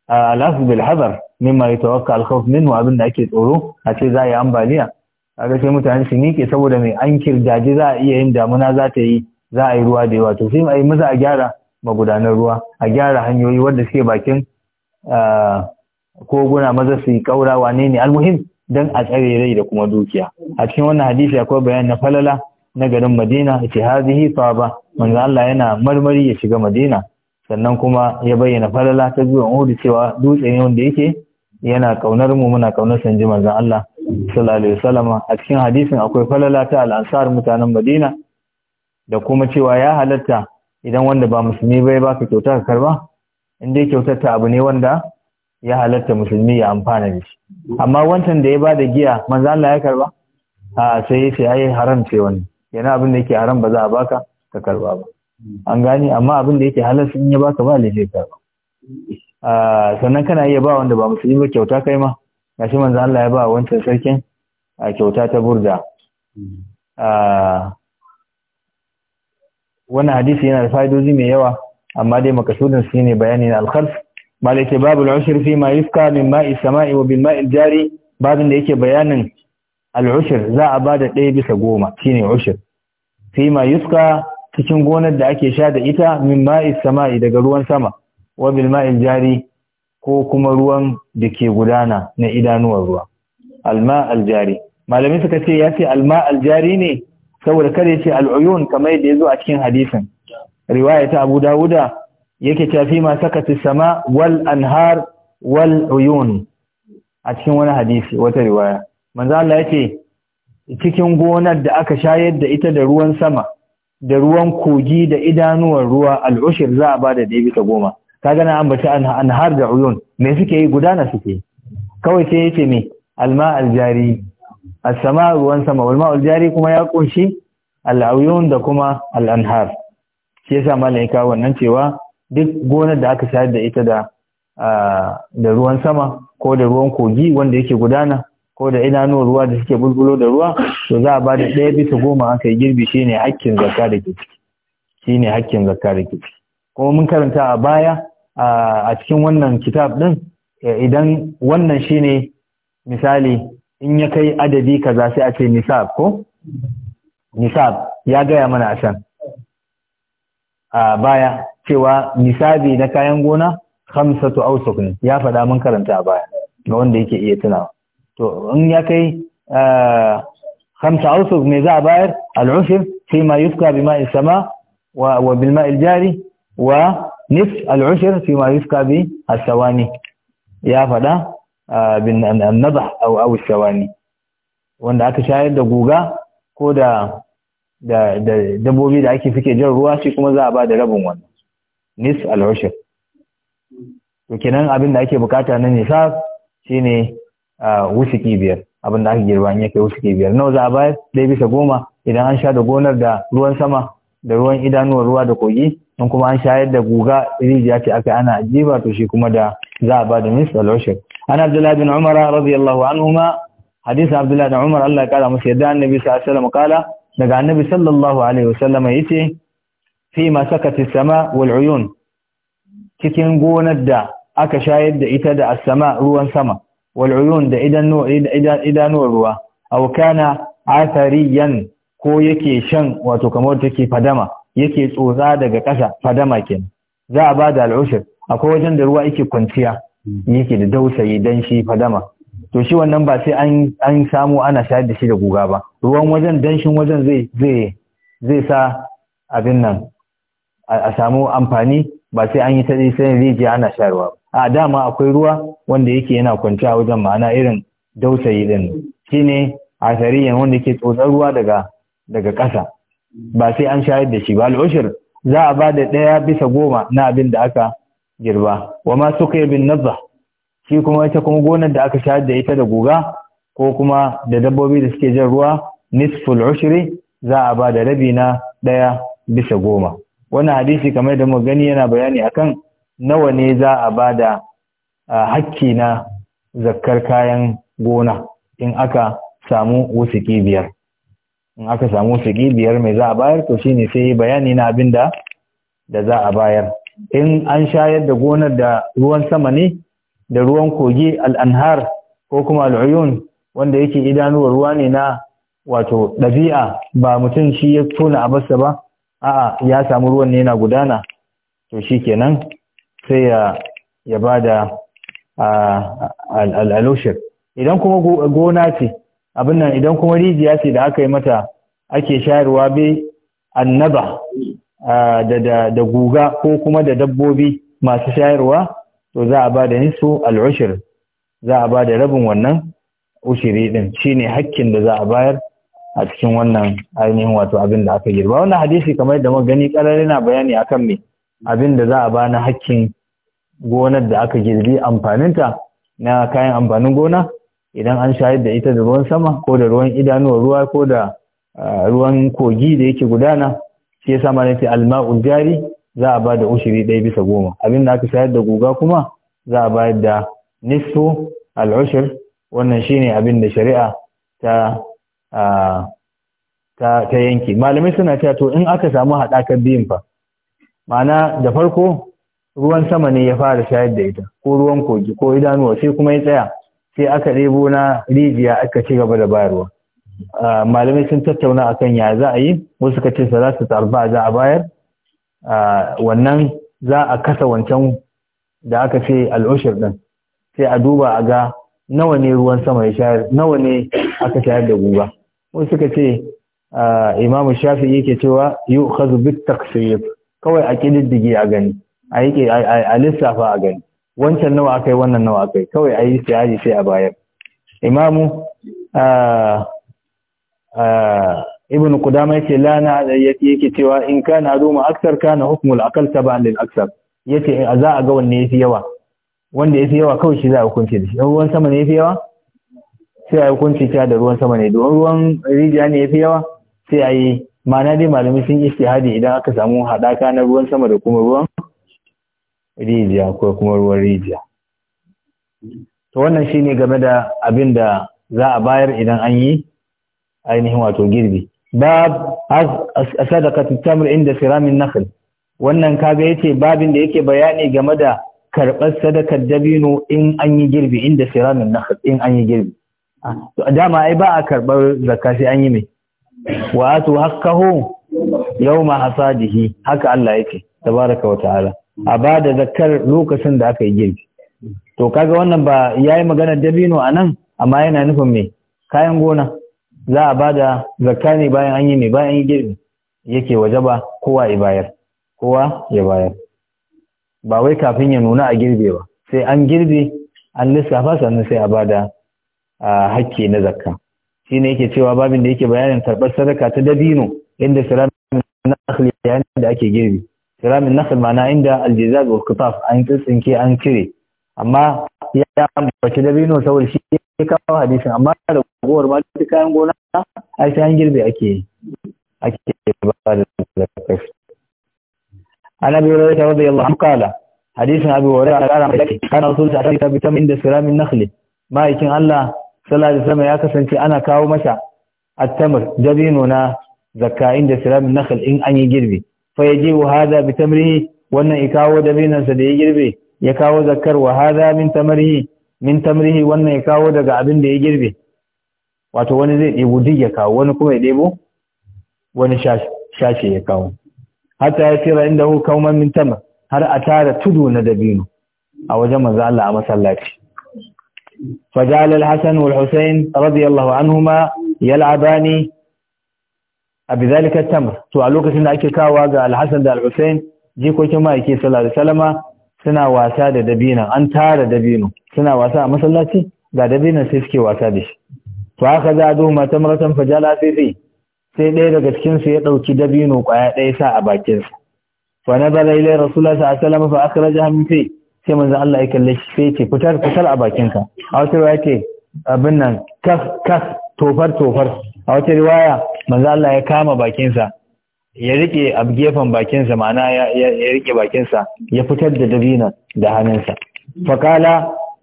alafu bil min mimma yatawakka tawakka alkhawf minhu abin da ake tsoro a ce za a yi ambaliya kaga sai mutane su miƙe saboda mai an kirgaji za a iya yin damuna za ta yi za a yi ruwa da yawa to sai a yi maza a gyara magudanar ruwa a gyara hanyoyi wadda suke bakin ah, koguna maza su yi kaura wane ne almuhim Dan a tsare rai da kuma dukiya a cikin wannan hadisi akwai bayan na falala na garin madina ce hazihi saba manzo Allah yana marmari ya shiga madina sannan kuma ya bayyana falala ta zuwa hudu cewa dutse ne wanda yake yana kaunar mu muna kaunar san ji manzo Allah sallallahu alaihi wasallam a cikin hadisin akwai falala ta al-ansar mutanen madina da kuma cewa ya halatta idan wanda ba musulmi bai baka kyauta ka karba in dai kyautar ta abu ne wanda ya halatta musulmi ya amfana da shi amma wancan da ya ba da giya manzo Allah ya karba a sai sai ai haram ce wannan yana abin da yake haram ba za a baka ka karba ba an gane amma abin da yake halal in ya baka ba lafiya karba a sannan kana iya ba wanda ba musulmi ba kyauta kai ma gashi manzo Allah ya ba wancan sarkin a kyauta ta burda a wannan hadisi yana da fa'idoji mai yawa amma dai makasudin shine bayani na al khalf bala ke babu fi ma yufka min ma'i sama'i wa bil ma'il jari babin da yake bayanin al'ushir za a bada ɗaya bisa goma shine ushir fi ma yufka cikin gonar da ake sha da ita min ma'i sama'i daga ruwan sama wa bil ma'il jari ko kuma ruwan da ke gudana na idanuwa ruwa alma aljari malamin suka ce ya ce alma aljari ne saboda kare ce al'uyun kamar yadda ya zo a cikin hadisin riwaya ta abu dawuda yake tafi fi ma sakati sama wal anhar wal uyun a cikin wani hadisi wata riwaya manzo Allah yace cikin gonar da aka shayar da ita da ruwan sama da ruwan kogi da idanuwar ruwa al'ushir za a bada da bisa goma kaga na ambata anhar da uyun me suke yi gudana suke kawai sai yace me alma aljari al sama ruwan sama wal al jari kuma ya kunshi uyun da kuma al'anhar shi yasa malaika wannan cewa duk gonar da aka sayar da ita da da ruwan sama ko da ruwan kogi wanda yake gudana ko da idanuwar ruwa da suke bulbulo da ruwa to za a ba da ɗaya bisa goma aka yi girbi shine hakkin zakka da ke ne hakkin zakka da ke kuma mun karanta a baya a cikin wannan kitab ɗin, eh, idan wannan shi ne misali in ya kai adadi kaza sai a ce nisab ko nisab ya gaya mana a can a baya cewa nisabi na kayan gona khamsatu awsuk ne ya faɗa mun karanta a baya ga wanda yake iya tunawa to in ya kai eh, hamsa awsuk me za a bayar al'ushr fi ma bi ma'in sama wa wa bil ma'il jari wa نصف العشر فيما يفقى به ya يا eh, bin annaba a او shawani wanda aka shayar da guga ko da dabbobi da ake fike jan ruwa shi kuma za a ba da rabin wannan nis al’ushir. ushr kenan abin da ake bukata na nisab shine wusiki biyar abin da aka girba in yake wusiki biyar Nau za a bayar ɗaya bisa goma idan an sha da gonar da ruwan sama da ruwan idanuwar ruwa da kogi in kuma an shayar da guga rijiya ce aka ana jiba to shi kuma da za a ba da nis al’ushir. an abdullahi bin umar radiyallahu ma hadisin abdullahi bin umar Allah ya kara masa yadda annabi sallallahu alaihi wasallam kala daga annabi sallallahu alaihi ya ce. fi sakati sama wal uyun cikin gonar da aka shayar da ita da as ruwan sama wal uyun da idanu idanuwar ruwa aw kana athariyan ko yake shan wato kamar take fadama yake tsotsa daga kasa fadama kenan za a bada al-ushr akwai wajen da ruwa yake kwanciya yake da dausayi dan shi fadama to shi wannan ba sai an an samu ana shayar da shi da guga ba ruwan wajen danshin wajen zai zai zai sa abin nan a samu amfani ba sai an yi ta sai rijiya ana sha ba. a dama akwai ruwa wanda yake yana kwanciya wajen ma'ana irin dausayi din shine asariyan wanda ke tsotsar ruwa daga daga ƙasa ba sai an shayar da shi ba al'ushir za a ba da ɗaya bisa goma na abin da aka girba wa ma suka yi bin nazza shi kuma ita kuma gonar da aka shayar da ita da guga ko kuma da dabbobi da suke jan ruwa nisful ushri za a ba da rabi na ɗaya bisa goma wannan hadisi kamar da mu gani yana bayani akan nawa ne za a bada hakki na zakkar kayan gona in aka samu wusuki biyar in aka samu wusuki biyar mai za a bayar to shine sai bayani na abin da da za a bayar in an shayar da gonar da ruwan sama ne da ruwan kogi al'anhar ko kuma al'uyun wanda yake idanuwar ruwa ne na wato ɗabi'a ba mutum shi ya tona a basa ba a'a ya samu ruwan ne yana gudana to shi kenan sai ya ya bada al-alushir idan kuma gona ce abin nan idan kuma rijiya ce da aka yi mata ake shayarwa bai annaba da guga ko kuma da dabbobi masu shayarwa to za a ba da nisu al'ushir za a ba da rabin wannan ushiri din shine hakkin da za a bayar a cikin wannan ainihin wato abin da aka girba wannan hadisi kamar yadda muka gani karare na bayani akan me abin da za a bani hakkin gonar da aka girbi amfaninta na kayan amfanin gona idan an shayar da ita da ruwan sama ko da ruwan idanuwar ruwa ko da ruwan kogi da yake gudana shi yasa ma nace alma'ul jari za a ba da ushiri ɗaya bisa goma abin da aka shayar da guga kuma za a bayar da nisfu al'ushir wannan shine abin da shari'a ta ta yanki malamai suna cewa to in aka samu haɗakar biyun fa ma'ana da farko ruwan sama ne ya fara shayar da ita ko ruwan kogi ko idanuwa sai kuma ya tsaya sai aka ɗebo na rijiya aka ci gaba da bayarwa malamai sun tattauna akan ya za a yi wasu ka ce za su tarba za a bayar wannan za a kasa wancan da aka ce al'ushir din sai a duba a ga nawa ne ruwan sama ya shayar nawa ne aka shayar da guba Mun suka ce imam shafi yake cewa yu'khadhu bit taksir kawai a kididdige a gani a yake a lissafa a gani wancan nawa akai wannan nawa akai kawai a yi sai sai a bayar imamu ibn qudama yake lana yake cewa in kana roma aksar kana hukmul aqal taban lil aksar yace za a ga wanne yafi yawa wanda yafi yawa kawai shi za a hukunci da shi Yawan sama ne yafi yawa sai a yi hukunci ta da ruwan sama ne domin ruwan rijiya ne ya fi yawa sai a yi ma'ana dai malami sun yi istihadi idan aka samu haɗaka na ruwan sama da kuma ruwan rijiya ko kuma ruwan rijiya to wannan shine game da abin da za a bayar idan an yi ainihin wato girbi bab sadaqatu tamr inda siramin nakhl wannan kaga yace babin da yake bayani game da karɓar sadakar dabino in an yi girbi inda siramin nakhl in an yi girbi to dama ai ba a karɓar zakka sai an yi mai wa atu haqqahu yawma hasadihi haka Allah yake tabaraka wa ta'ala a ba da zakkar lokacin da aka yi girbi to kaga wannan ba yayi magana dabino anan amma yana nufin me kayan gona za a ba da zakka ne bayan an yi mai bayan yi girbi yake wajaba kowa ya bayar kowa ya bayar ba wai kafin ya nuna a girbe ba sai an girbe an lissafa sannan sai a ba da hakki na zakka shi ne yake cewa babin da yake bayanin tarbar sadaka ta dabino inda siramin nakhli yayin da ake girbi siramin nakhl ma'ana inda aljizaz wa qitaf an tsinke an cire amma ya ambaci dabino saboda shi ya kawo hadisin amma da gowar ma duk kayan gona a sai an girbe ake ake ba da zakka an abi hurairah radiyallahu anhu qala hadisin abi hurairah qala kana rasul sallallahu alaihi wasallam inda siramin nakhli ma'aikin Allah sallallahu alaihi sama ya kasance ana kawo masa at-tamr dabino na zakka inda siramin nakhl in an yi girbi fa wa hada bi tamrihi wannan ya kawo dabinan sa da ya girbe ya kawo zakkar wa hada min tamrihi min tamrihi wannan ya kawo daga abin da ya girbe wato wani zai ɗebo duk ya kawo wani kuma ya ɗebo wani shashe ya kawo hatta ya tira inda hu kauman min tamar har a tara tudu na dabino a wajen manzo Allah a masallaci فجعل الحسن والحسين رضي الله عنهما يلعبان بذلك التمر to a lokacin da ake kawa ga al da Al-Husain jikokin aiki sallallahu alaihi wasallama suna wasa da dabina an tara dabino suna wasa a masallaci ga dabina sai suke wasa da shi to haka za du ma tamratan fajala fifi sai ɗaya daga cikin su ya ɗauki dabino kwaya ɗaya sa a bakin sa fa nazara ila rasulullahi sallallahu alaihi wasallam fa akhrajaha min fi sai manzan Allah ya kalle shi sai ce fitar fitar a bakinka a wata riwaya ce abin nan kas kas tofar tofar a wata riwaya manzan Allah ya kama bakinsa ya rike a gefen bakinsa ma'ana ya rike bakinsa ya fitar da dabina da hannunsa fakala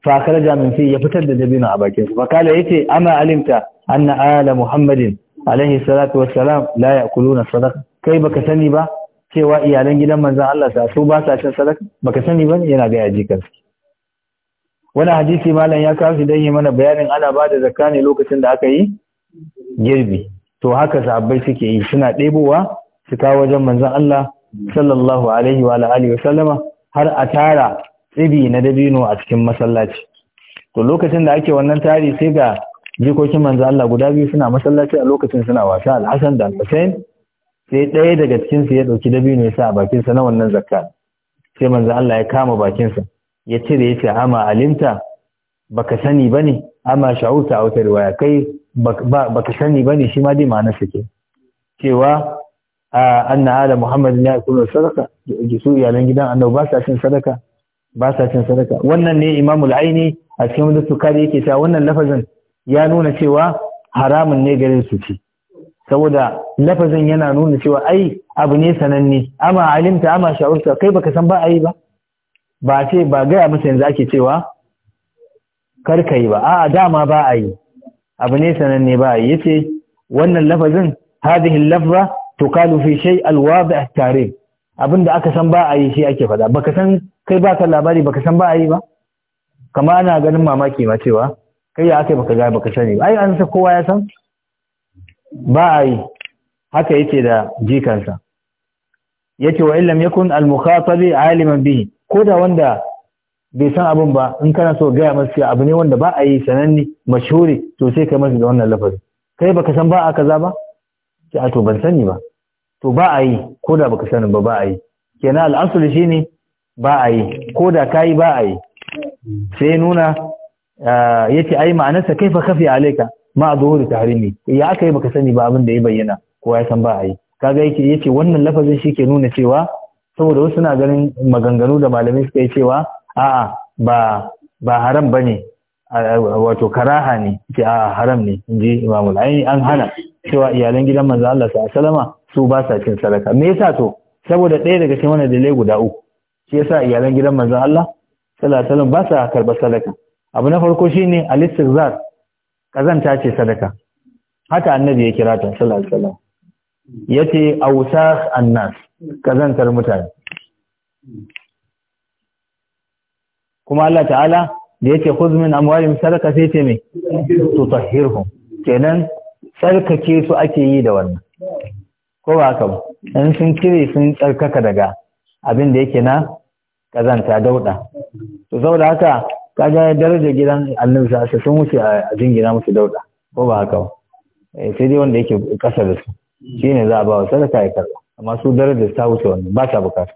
fakar min fi ya fitar da dabina a bakinsa fakala yace ana alimta anna ala muhammadin alaihi salatu wassalam la ya'kuluna sadaqa kai baka sani ba cewa iyalan gidan manzan Allah sa su ba sa cin sadaka ka sani ba ne, yana gaya yaji kansu wani hadisi malam ya kawo shi don yi mana bayanin ana ba da zakka ne lokacin da aka yi girbi to haka sahabbai suke yi suna ɗebowa su kawo wajen manzan Allah sallallahu alaihi wa alihi wasallama har a tara tsibi na dabino a cikin masallaci to lokacin da ake wannan tari sai ga jikokin manzan Allah guda biyu suna masallaci a lokacin suna wasa al-Hasan da al-Husain sai ɗaya daga cikin su ya ɗauki dabino ya sa a bakin sa na wannan zakka sai manzo Allah ya kama bakin sa ya cire ya ce ama alimta baka sani bane ama sha'uta a wata riwaya kai baka sani bane shi ma dai ma'anar sa ke cewa anna ala muhammadin ya kullu sadaka su iyalan gidan annabi ba sa cin sadaka ba sa cin sadaka wannan ne imamul aini a cikin wanda su kare yake cewa wannan lafazin ya nuna cewa haramun ne garin su ci saboda lafazin yana nuna cewa ai abu ne sananne ama alimta ama sha'urta kai baka san ba a yi ba ba ce ba gaya masa yanzu ake cewa kar ka yi ba a'a dama ba a yi abu ne sananne ba a yi yace wannan lafazin hadhihi lafza tuqalu fi shay al at-tarikh abinda aka san ba a yi shi ake faɗa baka san kai baka labari baka san ba a yi ba kamar ana ganin mamaki ma cewa kai ya aka baka ga baka sani ai an sa kowa ya san ba a yi haka yake da jikansa yace wa illam yakun al a aliman bihi ko da wanda bai san abin ba in kana so gaya masa abu ne wanda ba a yi sananne mashhuri to sai kai masa da wannan lafazi kai baka san ba a kaza ba ce a to ban sani ba to ba a yi ko da baka sani ba ba a yi kenan al'asul shine ba a yi ko da kai ba a yi sai nuna ah, yace ai ma'anarsa kaifa kafi alaika. ma zuhuri tahrimi ya aka yi baka sani ba abin da ya bayyana kowa ya san ba a yi kaga yake yace wannan lafazin shi ke nuna cewa saboda wasu na ganin maganganu da malamai suka yi cewa a ba ba haram bane wato karaha ne ce a haram ne inji imamul aini an hana cewa iyalan gidan manzo Allah sa salama su ba sa cin sadaka me yasa to saboda ɗaya daga cikin wannan dalilai guda uku shi yasa iyalan gidan manzo Allah sallallahu alaihi wasallam ba sa karɓar sadaka abu na farko shine al-istighfar Ƙazanta ce sadaka haka annabi ya kira ta sallallahu alaihi wasallam yace annas kazantar mutane kuma Allah ta'ala da yace khudh min amwalihim sadaka sai ce me tutahhirhum kenan tsarkake su ake yi da wannan ko ba haka ba in sun kire sun tsarkaka daga abin da yake na kazanta dauda to saboda haka kaga daraja gidan annabi sa sun wuce a jingina musu dauda ko ba haka ba eh, sai dai wanda yake kasa da su shine za a ba sadaka ya karba amma su daraja ta wuce wannan ba sa bukata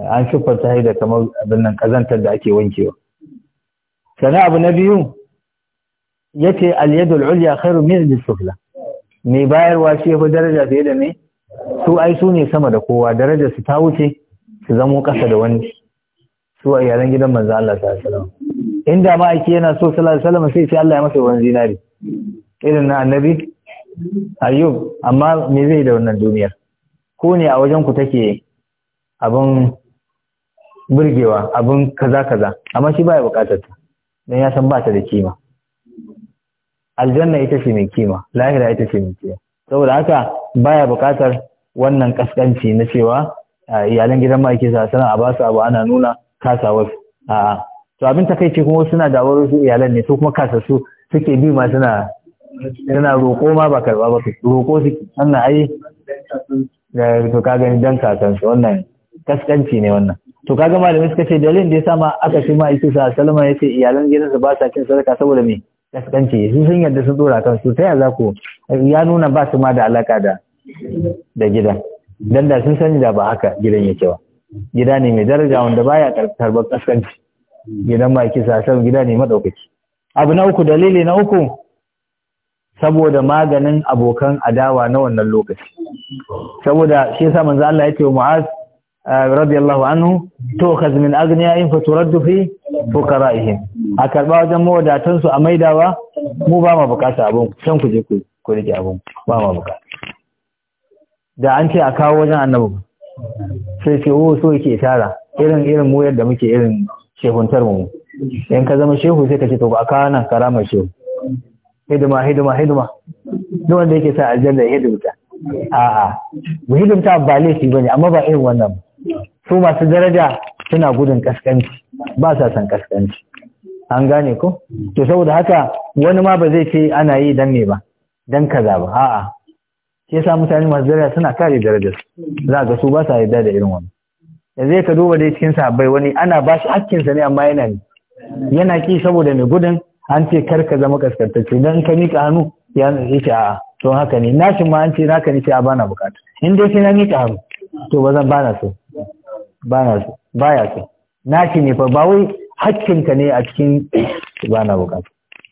eh, an shuffar ta haida kamar abin nan kazantar da ake wankewa sana abu na biyu yace al-yadul ulya khairu min al-sufla mai bayarwa shi fi daraja fiye da me su ai su ne sama da kowa daraja su ta wuce su zamo kasa da wani su a iyalan gidan manzo Allah sallallahu alaihi wasallam inda ma ake yana so sallallahu alaihi wasallam sai sai Allah ya masa wani zinari irin na annabi ayyub amma me zai da wannan duniyar ko ne a wajen ku take abin burgewa abin kaza kaza amma shi baya bukatar ta dan ya san ba ta da kima aljanna ita ce mai kima lahira ita ce mai kima saboda haka baya bukatar wannan kaskanci na cewa iyalan gidan sa sanan a su abu ana nuna kasawar a'a to abin takaice kuma suna dawar su iyalan ne su kuma su suke bi ma suna suna roƙo ma ba karɓa ba roƙo suke wannan ai da to ka gani dan su. wannan kaskanci ne wannan to kaga malami suka ce dalilin da ya ma aka ce ma yake sa salama yace iyalan gidansa ba sa cin sadaka saboda me kaskanci su sun yarda sun dora su ta ya za ku ya nuna ba su ma da alaka da da gidan dan da sun sani da ba haka gidan yake ba gida ne mai daraja wanda baya karbar kaskanci gidan baki sasar gida ne madaukaki abu na uku dalili na uku saboda maganin abokan adawa na wannan lokaci saboda shi yasa manzo Allah ya ce wa Mu'az eh, radiyallahu anhu to tu'khaz min aghniyaihim fa turaddu fi fuqara'ihim a karba wajen mawadatan su a maidawa mu ba ma bukata abun san ku je ku ku rike abun ba ma bukata da an ce a kawo wajen annabi sai ce o oh, so yake tara irin irin mu yadda muke irin shehuntar mu in ka zama shehu sai ka ce to ba ka nan karamar shehu hidima hidima hidima duk wanda yake sa aljanna ya hidimta a'a mu hidimta ba laifi bane amma ba irin wannan su masu daraja suna gudun kaskanci ba sa san kaskanci an gane ko to saboda haka wani ma ba zai ce ana yi dan me ba dan kaza ba a'a shi yasa mutane masu daraja suna kare darajar za ga su ba sa yarda da irin wannan yanzu ka duba dai cikin sahabbai wani ana ba shi sa ne amma yana ne yana ki saboda mai gudun an ce kar ka zama kaskantacce dan ka mika hannu ya ce a'a to haka ne na shi ma an ce naka ne ce a bana bukata in dai sai na mika hannu to ba zan bana so bana so baya so na shi ne fa ba wai ka ne a cikin bana bukata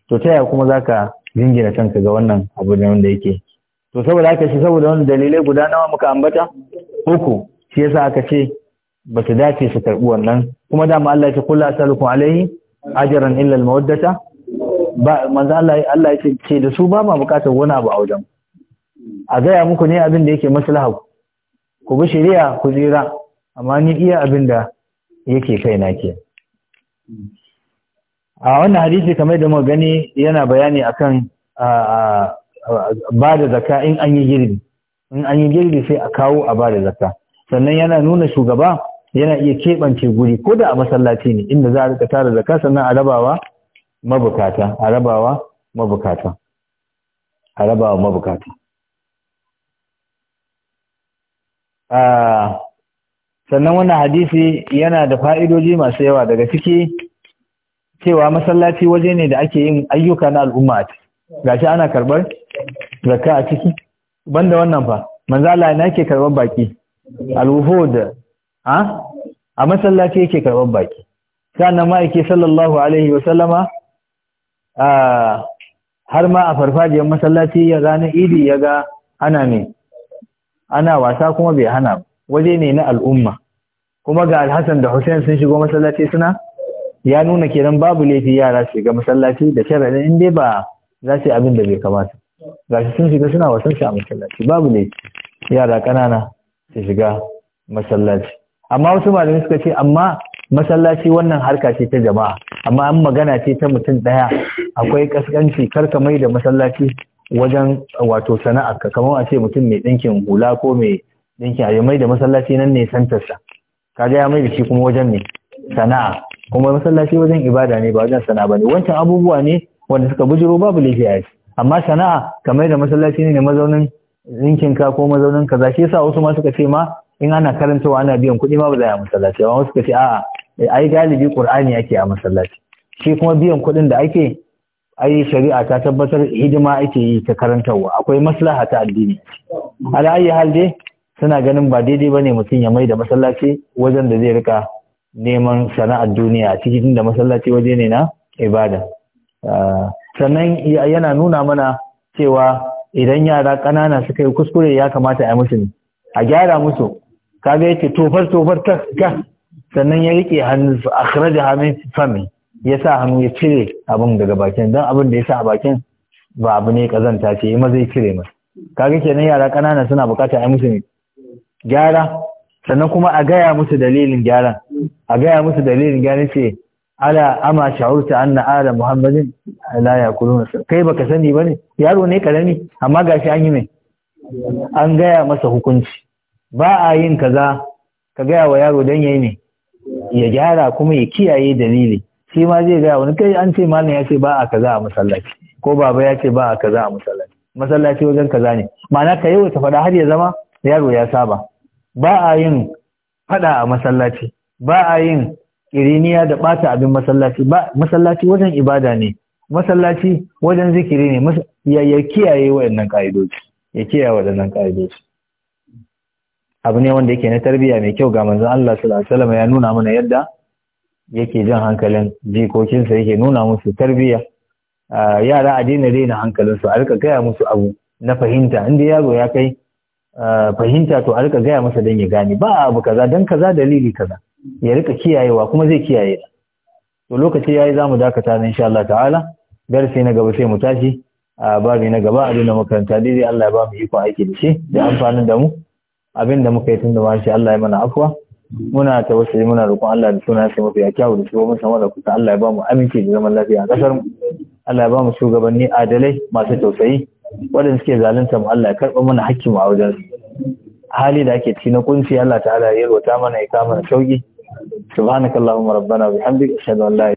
to ta yaya kuma zaka jingina kanka ga wannan abu ne wanda yake to saboda haka shi saboda wani dalilai guda nawa muka ambata uku shi yasa aka ce ba su dace su karbi wannan kuma dama Allah ya ce kullu asalukum alaihi ajran illa almawaddata ba manzo Allah Allah ya ce da su ba ma bukatar wani abu a wajen a gaya muku ne abin da yake maslaha ku bi shari'a ku jira amma ni iya abin da yake kaina ke a wannan hadisi kamar da mu gani yana bayani akan ba da zaka in an yi girbi in an yi girbi sai a kawo a ba da zaka sannan yana nuna shugaba yana iya keɓance guri ko da a masallaci ne inda za a rika tara zaka sannan a rabawa mabukata a rabawa mabukata a rabawa mabukata ah, sannan wannan hadisi yana da fa'idoji masu yawa daga ciki cewa masallaci waje ne da ake yin ayyuka na al'umma a ciki gashi ana karɓar Zaka a ciki banda wannan fa manzo Allah ne yake karban baki al-wuhud ha a masallaci yake karban baki sannan ma yake sallallahu alaihi wa sallama har ma a farfajiyar masallaci ya gane idi ya ga ana ne ana wasa kuma bai hana waje ne na al'umma kuma ga alhassan da hussein sun shigo masallaci suna ya nuna kenan babu laifi yara su ga masallaci da sharadin in dai ba za su yi abin da bai kamata ga sun shiga suna wasan shi a masallaci babu ne yara ƙanana su shiga masallaci amma wasu malamai suka ce amma masallaci wannan harka ce ta jama'a amma an magana ce ta mutum ɗaya akwai kaskanci karka mai da masallaci wajen wato sana'a ka kamar a ce mutum mai ɗinkin hula ko mai ɗinkin a mai da masallaci nan ne santarsa ga ya mai da shi kuma wajen ne sana'a kuma masallaci wajen ibada ne ba wajen sana'a bane wancan abubuwa ne wanda suka bujiro babu lafiya a amma sana'a kamar da masallaci ne mazaunin rinkin ka ko mazaunin kaza shi yasa wasu ma suka ce ma in ana karantawa ana biyan kuɗi ma ba za a masallaci Amma wasu suka ce a'a ai galibi qur'ani ake a masallaci shi kuma biyan kuɗin da ake ai shari'a ta tabbatar hidima ake yi ta karantarwa akwai maslaha ta addini ala ayi hal dai suna ganin ba daidai bane mutum ya mai da masallaci wajen da zai rika neman sana'ar duniya cikin da masallaci waje ne na ibada ah, sannan yana nuna mana cewa idan yara ƙanana suka yi kuskure ya kamata a yi musu a gyara musu kaga yake tofar tofar ta ga sannan ya rike hannu su da hannun fami ya sa hannu ya cire abin daga bakin don abin da ya sa a bakin ba abu ne kazanta ce ma zai cire mai kaga kenan yara ƙanana suna bukata a yi musu gyara sannan kuma a gaya musu dalilin gyaran a gaya musu dalilin gyaran ce ala ama sha'urta anna ala muhammadin la yakuluna kai baka sani ba bane yaro ne karami amma gashi an yi mai an gaya masa hukunci ba a yin kaza ka gaya wa yaro dan yayi ne ya gyara kuma ya kiyaye dalili shi ma zai gaya wani kai an ce malam ya ce ba a kaza a masallaci ko baba ya ce ba a kaza a masallaci masallaci wajen kaza ne ma'ana ka yi ta faɗa har ya zama yaro ya saba ba a yin faɗa a masallaci ba a yin Ƙiriniya da bata abin masallaci ba masallaci wajen ibada ne masallaci wajen zikiri ne ya kiyaye waɗannan ka'idoci ya kiyaye waɗannan abu ne wanda yake na tarbiyya mai kyau ga manzon Allah sallallahu alaihi wasallam ya nuna mana yadda yake jan hankalin jikokinsa yake nuna musu tarbiyya yara a daina daina hankalinsu a rika gaya musu abu na fahimta inda yaro ya kai fahimta to a rika gaya masa dan ya gane ba abu kaza dan kaza dalili kaza ya rika kiyayewa kuma zai kiyaye ta to lokaci yayi zamu dakata ne insha Allah ta'ala darasi na gaba sai mu tashi a babi na gaba a da makaranta dai Allah ya ba mu iko aiki da shi da amfanin da mu abin da muka yi tun da ma shi Allah ya mana afwa muna tawassuli muna roƙon Allah da suna sai mafi kyawu da shugaban sama da kusa Allah ya ba mu aminci da zaman lafiya a kasar mu Allah ya ba mu shugabanni adalai masu tausayi waɗanda suke zalunta mu Allah ya karɓa mana hakkin mu a wajen hali da ake ci na kunci Allah ta'ala ya yarwata mana ya kama na shauki subhanakallahumma rabbana bihamdika ashhadu an la